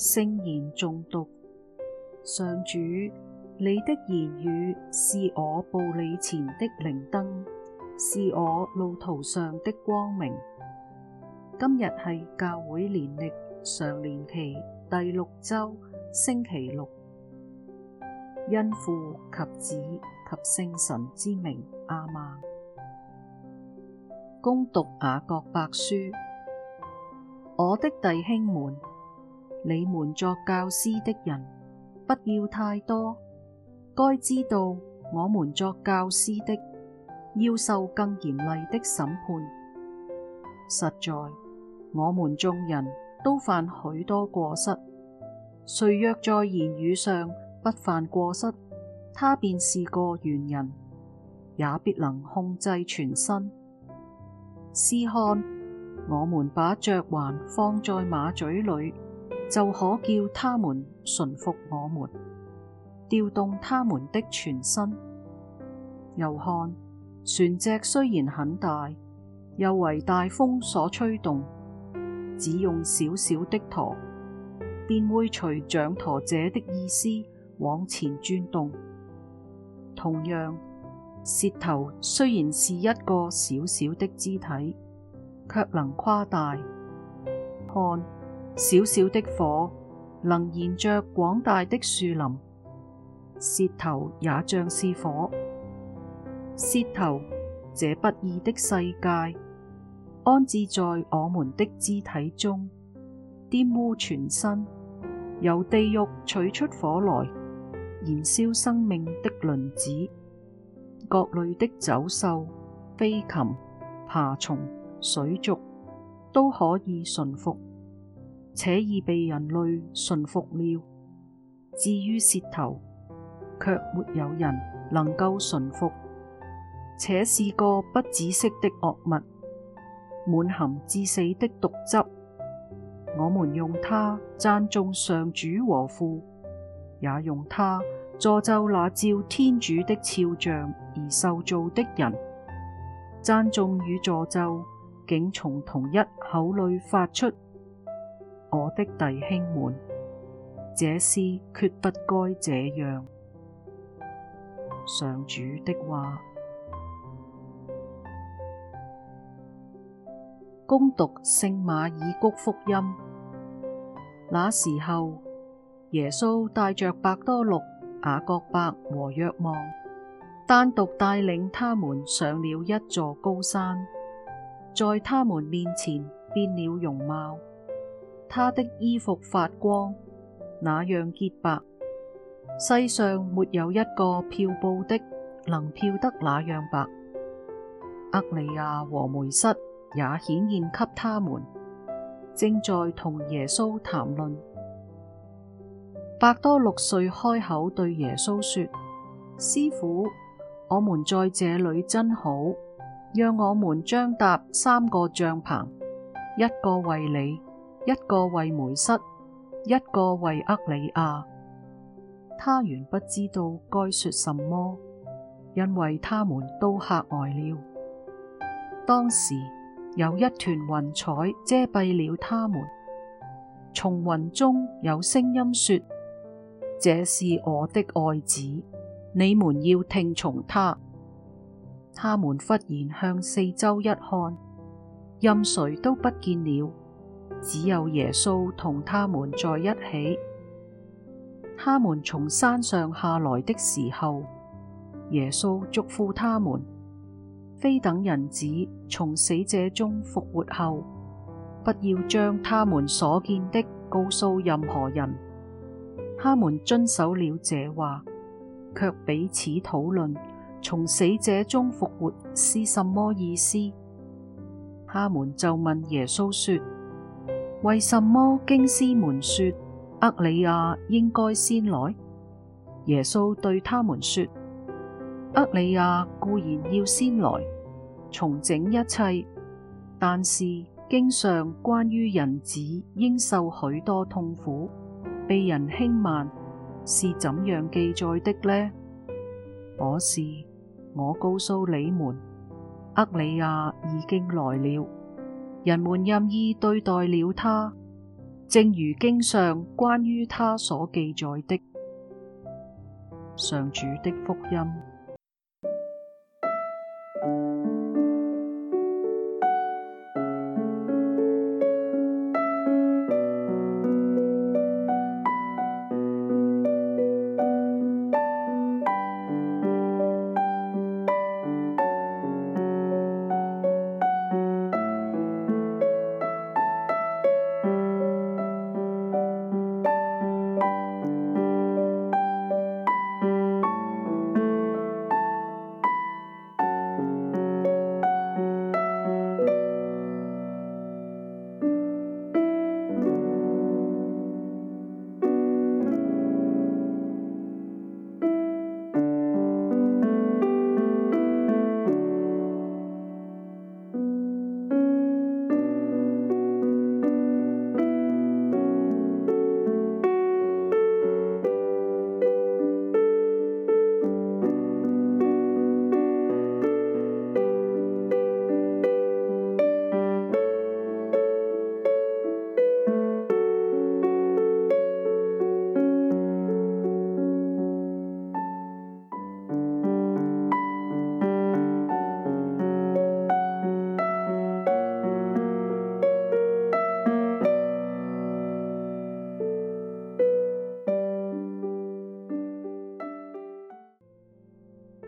聖言誦讀，上主，你的言語是我步履前的靈燈，是我路途上的光明。今日係教會年曆常年期第六周星期六，因父及子及聖神之名阿瑪，恭讀雅各伯書，我的弟兄們。你們作教師的人，不要太多，該知道我們作教師的，要受更嚴厲的審判。實在，我們眾人都犯許多過失，誰若在言語上不犯過失，他便是個完人，也必能控制全身。試看，我們把嚼環放在馬嘴裡。就可叫他們順服我們，調動他們的全身。又看船隻雖然很大，又為大風所吹動，只用小小的舵，便會隨掌舵者的意思往前轉動。同樣，舌頭雖然是一個小小的肢體，却能誇大。看，小小的火能燃着廣大的樹林，舌頭也像是火。舌頭，這不義的世界，安置在我們的肢體中，玷污全身，由地獄取出火來，燃燒生命的輪子。各類的走獸、飛禽、爬蟲、水族，都可以馴服。且已被人類馴服了。至於舌頭，卻沒有人能夠馴服，且是個不止息的惡物，滿含致死的毒汁。我們用它讚頌上主和父，也用它詛咒那照天主的肖像而受造的人。讚頌與詛咒竟從同一口裏發出。我的弟兄們，這事決不該這樣。上主的話，恭讀聖馬爾谷福音。那時候，耶穌帶着伯多祿、雅各伯和若望，單獨帶領他們上了一座高山，在他們面前變了容貌。他的衣服發光，那樣潔白，世上沒有一個漂布的能漂得那樣白。厄里亞和梅瑟也顯現給他們，正在同耶穌談論。伯多祿遂開口對耶穌說：師傅，我們在這裡真好，讓我們張搭三個帳棚，一個為你。一個為梅瑟，一個為厄里亞，他原不知道該說什麼，因為他們都嚇呆了。當時，有一團雲彩遮蔽了他們，從雲中有聲音說：這是我的愛子，你們要聽從他。他們忽然向四周一看，任誰都不見了。只有耶穌同他們在一起。他們從山上下來的時候，耶穌囑咐他們：非等人子從死者中復活後，不要將他們所見的告訴任何人。他們遵守了這話，卻彼此討論從死者中復活是什麼意思。他們就問耶穌說：為什麼經師們說厄里亞應該先來？耶穌對他們說：厄里亞固然要先來重整一切，但是經上關於人子應受許多痛苦，被人輕慢是怎樣記載的呢？可是，我告訴你們，厄里亞已經來了。人們任意對待了他，正如經上關於他所記載的，上主的福音。